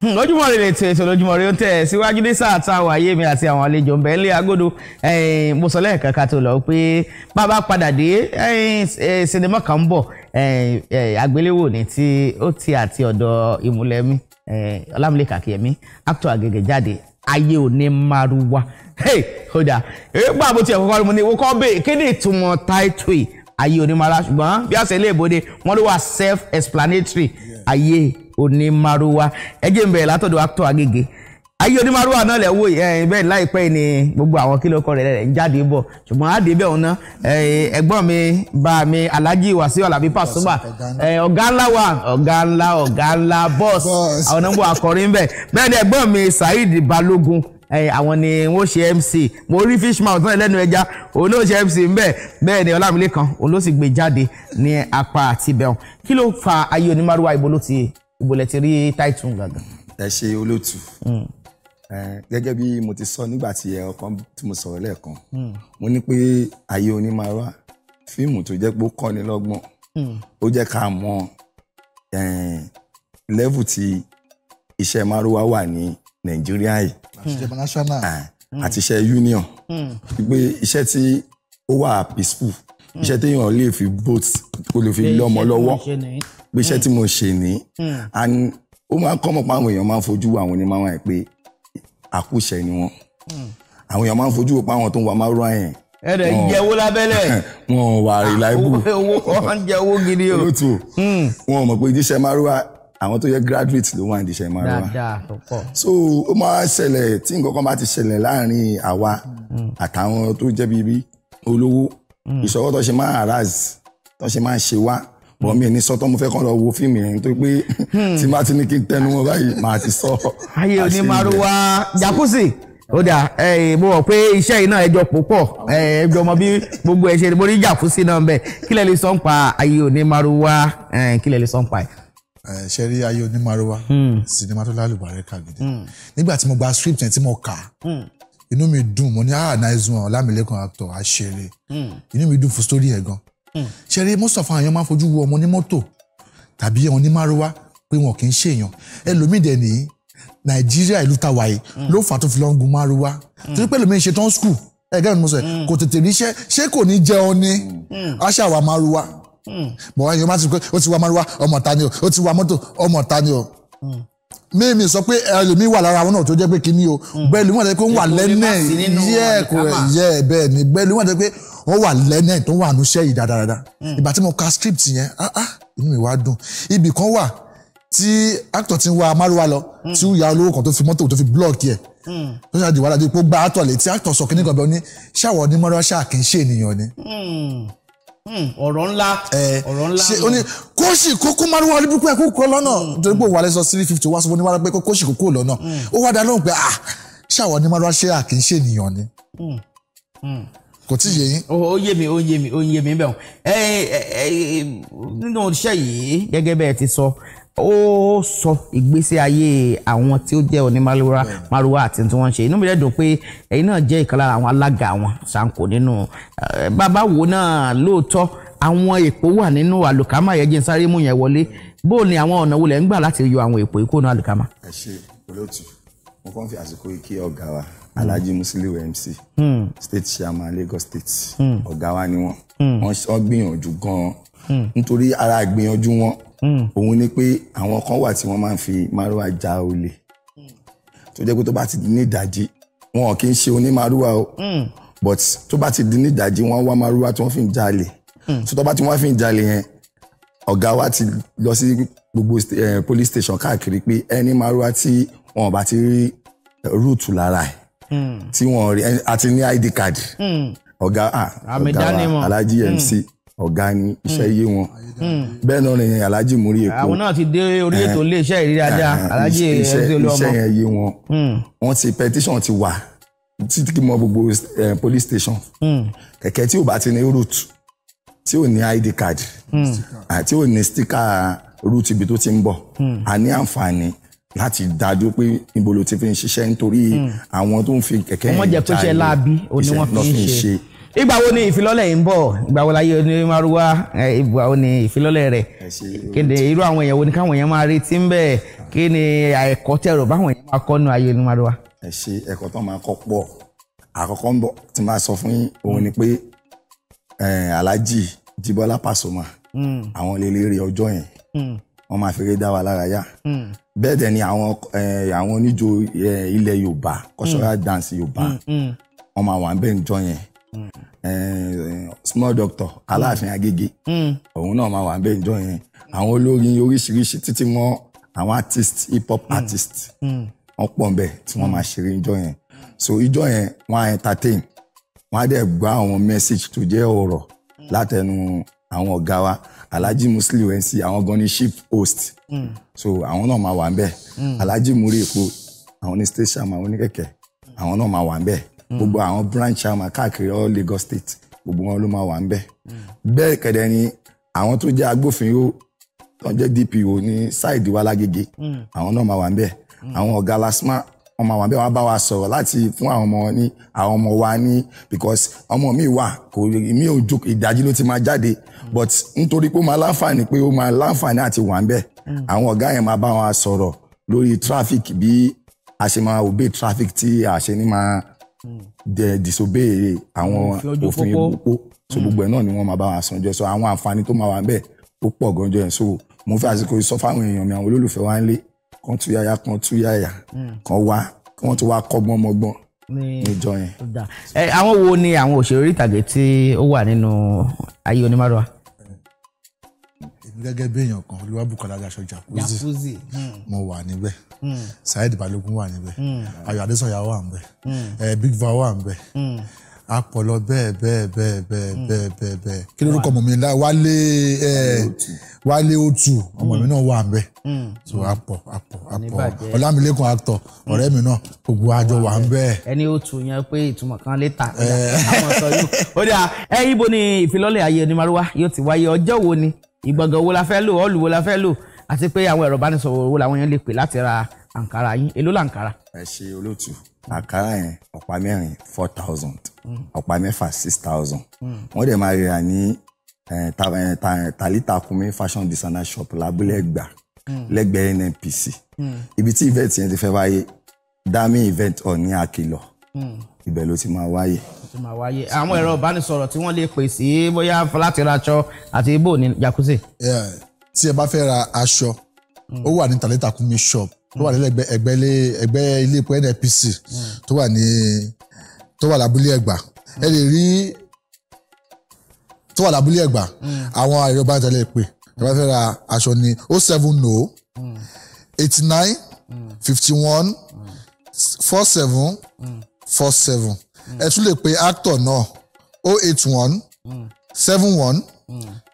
Hmm, lójúmọ́ rẹ̀ lè tẹ̀ ètò lójúmọ́ rẹ̀ ó tẹ̀ síwájú ní sáà tá a wà yé mi àti àwọn àlejò ń bẹ̀ ńlẹ̀ agodo mo sọ lẹ́ẹ̀kan ká tó lọ pé bàbá padà dé sinimá kan ń bọ̀ àgbéléwò ni tí ó ti àti ọ̀dọ̀ ìmúlẹ̀mí ọlámúlẹ̀ kàkíyẹ̀mí actor àgègè jáde ayé òní maruwa ó dà gbà bó tiẹ̀ kọ́kọ́ mo ní wọ́n kọ́ bẹ́ẹ̀ kí ni ìtumọ̀ táìtù ayé òní maruwa ṣùgbọ́n bí àṣẹ ilé ìbòde wọ́n ló wà self explanatory ayé onímárúwá ẹ jẹ́ n bẹ̀rẹ̀ látọ̀dọ̀ actor Agége ayé onímárúwá náà lẹ wò ẹ̀yin bẹ́ẹ̀ láìpẹ́ ni gbogbo àwọn kílò kọ rẹ ń jáde bọ̀ ṣùgbọ́n àdé bẹ́ẹ̀ òun náà ẹ̀gbọ́n mi bá mi Alhaji Wasiu Alabi Pasuma ọ̀gá ńlá wa ọ̀gá ńlá ọ̀gá ńlá boss àwọn nọmbọ akọrin bẹ́ẹ̀ bẹ́ẹ̀ ni ẹ̀gbọ́n mi Saheed Balogun àwọn ni wọ́n ṣe MC mo rí fishmouth náà lẹ́nu ẹja òun ló ṣe MC ńbẹ̀ bẹ́ẹ̀ ni Ọlámilékan òun ló sì gbé jáde ní apá àtibẹ̀hùn kí ló fa ayé onímárúwá ibo ló ti ibo lẹ ti rí Tyson gangan. ẹ ṣe olóòtú gẹ́gẹ́ bí mo ti sọ nígbà tí ẹ ọkàn tí mo sọ̀rọ̀ lẹ́ẹ̀kan hmm. mo ní pé ayé onímàrúwá fíìmù tó jẹ́ pé ó kọ́ni lọ́gbọ́n hmm. ó jẹ́ ká mọ lẹ́vù tí iṣẹ́ márúwá wà ní nàìjíríà yìí àti iṣẹ́ hmm. union pé iṣẹ́ tí ó wà peaceful iṣẹ́ téèyàn lè fi boat kó lè fi lé ọmọ lọ́wọ́ bí iṣẹ́ tí mo ṣe ní hmm. and ó máa ń kọ́mọ̀ pa àwọn èèyàn máa ń fojú àwọn onímọ̀ wọn pé àkúṣe ni wọn hmm. àwọn èèyàn máa ń fojú pa àwọn tó ń wa máa rọ àyàn ẹ̀rẹ̀ ń jẹ́wó lábẹ́lẹ̀. wọn ò wà rí láìbù wọn ń jẹ́wó gidi o. olóòtú hmm. wọn ò mọ̀ pé ìdíṣẹ́ márúwá àwọn tó yẹ graduate ló wà ìdíṣẹ́ márúwá. so ó máa ń ṣẹlẹ̀ tí nǹkan kan bá ti ṣẹlẹ̀ láàrin àwa àtàwọn tó jẹ́ bíbí olówó Mm. ìṣòro tó ṣe máa arise tó ṣe máa ṣe wá bọ̀ mi ní sọ́tọ́ mo fẹ́ kàn lọ wo fíìmù yẹn tó pé hmm. tí má ti ní kí n tẹnu wọn báyìí màá ti sọ. ayé òní maruwa jacuzzi ó dà mo rò pé iṣẹ́ yìí náà ẹjọ́ púpọ̀ ẹjọ́ mọ bí gbogbo ẹ ṣe mo rí jacuzzi náà bẹ́ẹ̀ kí lẹ lè sọ ń pa ayé òní maruwa kí lẹ lè sọ ń pa ẹ̀ ṣe rí ayé onímọ̀rọ̀wá hmm. sinimá tó lálùbárẹ́ kà hmm. nígbà tí mo gba script yẹn tí mo kà inú mi dùn mo ní ah nice one ọlámilẹ́kan actor àṣẹrẹ hmm. inú mi dùn fún story ẹ̀ gan hmm. ṣẹrẹ most of àwọn èèyàn máa fojú wo ọmọ ní mọ́tò tàbí ọmọ ní márúwá pé wọn kì í ṣèèyàn ẹlòmíì dẹ̀ nìyí nàìjíríà ìlú ta wàyí hmm. ló fà tó fi lọ́n gun márúwá torí pé ẹlòmíì ṣe tán school ẹgbẹ́ mi mo sọ kò tètè ríṣẹ́ ṣé kò ní jẹun ni aṣáwa márúwá bọ̀ wáyé o ti wá márúwá ọmọ ta ni o ó ti wá mọ́tò ọmọ ta ni o mímì sọ pé ẹlòmíì wà lára wọn náà tó jẹ́ pé kíní o hmm. bẹ́ẹ̀ ló wà lẹ́nu pé wọ́n wà lẹ́nẹ̀ yẹ kò yẹ bẹ́ẹ̀ ni bẹ́ẹ̀ ló wà lẹ́nu pé wọ́n wà lẹ́nẹ̀ tó wà níṣẹ́ yìí dáadáa hmm. ìgbà tí mo ka script yẹn ah ah inú mi wá dùn ibì kan wà tí actor ti ń wa amárúwa lọ hmm. tí ó ya olówó kan tó fi mọ́tò tó fi blọ́ọ̀kì ẹ̀ tó ṣàdìwálá di pé ó gba actor létí actor sọ kíní kan bẹ́ẹ̀ ni ṣàwọ̀ ní mọ́rọ́ṣà kì í ṣe ènìyàn ni. Hmm, ọ̀rọ̀ ńlá eh, ọ̀rọ̀ ńlá. ṣe o ní kóòsì kókó márùn wọn níbi pé kókó lọ́nà torí pé wàlẹ́ sọ three fifty wá sọ fún níwájú pé kóòsì kókó lọ́nà hmm. ó wá dá lóhùn pé ah ṣàwọ̀ ní márùn ṣé à kì í ṣe ènìyàn ni. Hmm, kò tí ì yé yín. ó yé mi ó yé mi ó yé mi bẹ́ẹ̀ eh, eh, nínú iṣẹ́ yìí gẹ́gẹ́ bẹ́ẹ̀ ti sọ ó sọ ìgbésí ayé àwọn tí ó jẹ́ onímàlúwa màlúwa àti tí wọ́n ń ṣe inú mi rẹ̀ dùn pé ẹ̀yin náà jẹ́ ìkan lára àwọn alága wọn ṣàǹkó nínú bàbá wo náà lóòótọ́ àwọn èpò wà nínú àlùkámà yẹn jẹ́ sáré mú yẹn wọlé bó ni àwọn ọ̀nà wo lẹ̀ ń gbà láti yọ àwọn èpò ìkóná àlùkámà. ẹ ṣe olóòtú mo kàn fi àsìkò ìkí ọ̀gá wa Alhaji Musiliu MC hmm. state chairman Lagos state hmm. ọ̀gá wa ni wọ́n hmm. wọ́n gbìyànjú gan-an nítorí ara ìgbìyànjú wọn Hmm. òun ni pé àwọn kan wà tí wọ́n máa ń fi márúwà já olè tó jẹ́ pé tó bá ti di ní ìdajì wọn kì í ṣe onímárúwà o hmm. but tó bá ti di ní ìdajì wọ́n wá márúwà tí wọ́n fi ń jalè hmm. so tó bá ti wọ́n fi ń jalè yẹn ọ̀gá wa ti lọ sí gbogbo eh, police station káàkiri pé ẹni márúwà tí wọn bá ti rí rúùtù lára ẹ̀ tí wọ́n rí àti ní id card ọ̀gá wa alájí mc. Mm ọ̀gá ni iṣẹ́ hmm. yé wọn hmm. bẹ́ẹ̀ náà ni alhaji muri èkó. àwọn náà ti dé orí ètò iléeṣẹ́ ìrírí ajá alhaji ẹ̀ẹ́dẹ́ olúọmọ iṣẹ́ yẹn yé wọn hmm. wọ́n ti petition ti wà títí kí mọ gbogbo eh, police station kẹ̀kẹ́ tí ò bá ti ní route tí ò ní id card àti ò ní sticker route ibi tó ti ń bọ̀ a ní àǹfààní láti dájú pé ibo ló ti fi ń ṣiṣẹ́ nítorí àwọn tó ń fi kẹ̀kẹ́ yẹn jáde iṣẹ́ lọ́fíìṣe ìgbà wo ni ìfilọ́lẹ̀ yìí ń bọ̀ ìgbà wo láyé ní márúwá ìgbà wo ni ìfilọ́lẹ̀ rẹ̀ kéde irú àwọn èèyàn wo ni káwọn èèyàn máa retí ń bẹ̀ kí ni ẹ̀kọ́ tẹ̀rọ báwọn èèyàn máa kọ́ nu ayé ní márúwá. ẹ ṣe ẹ̀kọ́ tó máa kọ́ pọ̀ àkọ́kọ́ ń bọ̀ tí máa sọ fún òun ni pé Alhaji Jíbọ́lá Pasuma hmm. àwọn lélẹ́rì ọjọ́ yẹn hmm. wọ́n máa fẹ́rẹ́ dá wa lára yá hmm. bẹ́ẹ̀ dẹ̀ ni àwọn àwọn oníjó ilẹ̀ Yorùbá cultural dance Yorùbá wọ́n máa wà ń bẹ́ẹ̀ ń jọ yẹn Eh, eh, small doctor hmm. aláàfin agége hmm. òun náà máa wà ń bẹ́ẹ̀ jọ yẹn àwọn olórin oríṣiríṣi títí mọ́ àwọn artist hip hop hmm. artist wọ́n pọ̀ nbẹ̀ tí wọ́n máa ṣeré ìjọ yẹn so ìjọ yẹn wọ́n á entertain wọ́n á dẹ̀ gbọ́ àwọn message tó jẹ́ ọ̀rọ̀ látẹnu àwọn ọ̀gá wa alhaji muslim nc àwọn gan ni ship host so àwọn náà máa wà nbẹ̀ alhaji muri èkó àwọn ní station àwọn ní kẹ̀kẹ́ àwọn náà máa wà nbẹ̀ gbogbo àwọn branch chairman káàkiri all Lagos state gbogbo wọn ló máa wà ń bẹ̀ bẹ́ẹ̀ kẹ̀dẹ̀ ni àwọn tó jẹ́ agbófinró tó jẹ́ DPO ní ṣáìdì wa lágége àwọn náà máa wà ń bẹ̀ àwọn ọ̀gá lasma wọn máa wà ń bẹ̀ wọn bá wa sọ̀rọ̀ láti fún àwọn ọmọ ní àwọn ọmọ wa ní because ọmọ mi wà kò mi ò jókòó ìdájí ló ti máa jáde but nítorí pé ó máa láǹfààní pé ó máa láǹfààní àti wà ń bẹ̀ àwọn ọ̀gá yẹn máa bá wa sọ̀rọ̀ lórí traffic bí a ṣe máa obey traffic tí a ṣe ní máa disobey àwọn mm, òfin òpó so mm. gbogbo ẹ̀ náà ni wọ́n máa bá wa sanjọ́ so àwọn àǹfààní tó máa wà bẹ́ẹ̀ ó pọ̀ gànjọ́ yẹn so mo fẹ́ àsìkò sọ fáwọn èèyàn mi àwọn olólùfẹ́ wa ń lé kan tú yáyà kan tú yáyà kan wá kí wọ́n tún wá kọ́gbọ́n mọ́gbọ́n níjọ yẹn. àwọn wo ni àwọn òṣèré ìtàgé tí ó wà nínú ayé onímọ̀rọ̀ wa èmi gẹ́gẹ́ bí èèyàn kan olúwàbùkọ́lá aṣọ jacuzzi mo wà níbẹ̀ hmm. saheed balogun wà níbẹ̀ hmm. ayọ̀ adésanya wà níbẹ̀ hmm. eh, big va wà níbẹ̀ apọlọ bẹ́ẹ̀ bẹ́ẹ̀ bẹ́ẹ̀ bẹ́ẹ̀ bẹ́ẹ̀ bẹ́ẹ̀ bẹ́ẹ̀ kí lórúkọ ọmọ mi la wálé ẹ eh, wálé otu ọmọ mi náà wà nbẹ so apọ apọ apọ ọlámilékun actor ọ̀rẹ́ mi náà gbogbo àjọ wà nbẹ. ẹni otu yẹn pé ìtumọ̀ kan lè ta àwọn eh. sọ yìí ó dà ẹ ibo ni ìfilọ́lẹ̀ ayé onímọ̀rúwá yóò ti wáyé ọjọ́ wo ni ìgbọ̀ngàn wo la fẹ́ lò ọ́ọ̀lù wo la fẹ́ lò àti pé àwọn ẹ̀rọ ìbánisọ̀rọ̀ wo làwọn èèyàn lè pè láti ra àǹkárá yín èló làǹkárá. ẹ ṣe olóòtú àǹkárá yẹn ọ̀pá mẹ́rin four thousand hmm. ọ̀pá mẹ́fà six thousand hmm. wọ́n dẹ̀ máa rira ní Talita Kumi fashion designer shop lábúlé ẹgbà hmm. lẹ́gbẹ̀ẹ́ NNPC ibi tí event yẹn ti fẹ́ wáyé dami event ọ̀ ní akilọ̀ ibẹ̀ ló ti máa wáyé. àwọn ẹ̀rọ ìbánisọ̀rọ̀ tí wọ́n lè pè sí bóyá láti ra aṣọ àti ibo ní jacuzzi. tí ẹ bá fẹ́ ra aṣọ hmm. ó wà ní Tàlẹ́tàkúnmi shop tó wà hmm. nílẹ̀ ẹgbẹ́ ẹgbẹ́ ilé epo NNPC hmm. tó wà ní tó wà lábúlé Ẹ̀gbá ẹ lè rí tó wà lábúlé Ẹ̀gbá àwọn ẹ̀rọ ìbánisọ̀rọ̀ lè pè ẹ bá fẹ́ ra aṣọ ní o seven no eighty nine fifty one four seven four seven ẹ tún lè pe actor náà o oh eight one seven one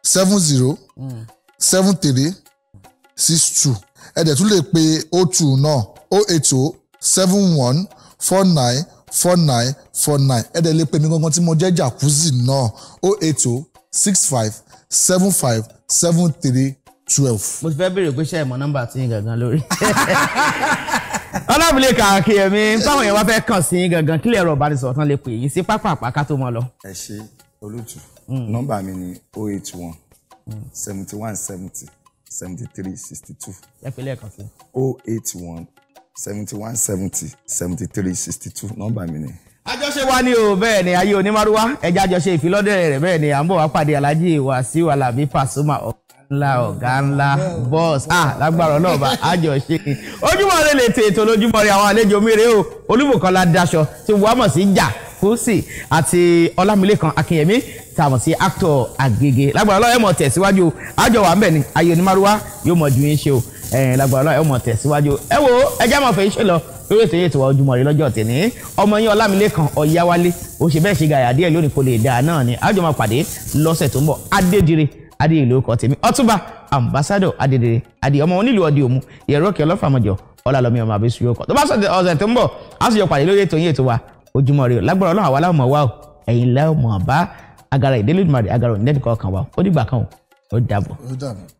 seven zero seven three six two ẹ dẹ̀ tún lè pe o oh two náà o oh eight o seven one four nine four nine four nine ẹ dẹ̀ lè pe mi gangan tí mo jẹ́ jacuzzi náà o eight o six five seven five seven three twelve. mo ti fẹ́ béèrè pé ṣe é mọ nọ́mbà tí yín gangan lórí. ọlọ́bìnrin kàkí ẹ̀mí báwọn yẹn wá fẹ́ kàn sí gangan kílẹ̀ ẹ̀rọ ìbánisọ̀rọ̀ tán lè pè yín sí pápá àpáká tó mọ́ lọ. ẹ ṣe olùtù mm. nọ́mbà mi ni oh eight one seventy one seventy seventy three sixty two. ẹ pè lẹ́ẹ̀kan sí. oh eight one seventy one seventy seventy three sixty two nọ́mbà mi ni. àjọṣe wa ni o bẹ́ẹ̀ ni ayé onímọ̀rúwá ẹ̀jẹ̀ àjọṣe ìfilọ́dẹ̀ rẹ̀ bẹ́ẹ̀ ni à ń bọ̀ wá pàdé alájí Wàsíù Alábí Pasuma ńlá ọ̀gá ńlá bọ́ọ̀sì ah lágbára náà bá àjọ ṣe ni ojúmọ́ rẹ lè tètò lójúmọ́ rẹ àwọn àlejò mìíràn o olúbùkọ́lá daṣọ tí wàá mọ̀ sí jà kùsì àti ọlámilẹ́kan akínyẹmí tá a mọ̀ sí actor àgègè lágbára náà ẹ mọ̀ tẹ̀síwájú àjọ wà ń ni ayé onímọ̀rúwá yóò mọ̀ ju yín ṣe o lágbára náà ẹ mọ̀ tẹ̀síwájú ẹ wo ẹjẹ́ mọ̀ fẹ́ iṣẹ́ lọ lórí ètò ètò Ojúmọ́ Ire lọ́jọ́ tèmi ọmọ yín ọlámilẹ́kan ọ̀yáwálé ó ṣe bẹ́ẹ̀ ṣe gàyà díẹ̀ lónìí kò lè dáa náà ni àjọ lọ́sẹ̀ tó ń bọ̀ adédire adéyèlú ọkọ tèmi ọtúnba ambassadọ adédèrè adi ọmọ onílù ọdí òmu yẹrọ kí ọlọfà mọjọ ọlàlọmí ọmọ àbẹsù yóò kọ tó bá sọdẹ ọ̀sẹ̀ tó ń bọ̀ á sì yọ pàdé lórí ètò yín ètò wa ojúmọ́ rẹ lágbára Ọlọ́run àwa láwọn mọ wa o ẹ̀yin láwọn mọ bá agara ìdílé ìdùnmọ àgàrà òní dẹ́nìkan ọkàn wa ó dìgbà kan o ó ó dàbọ̀.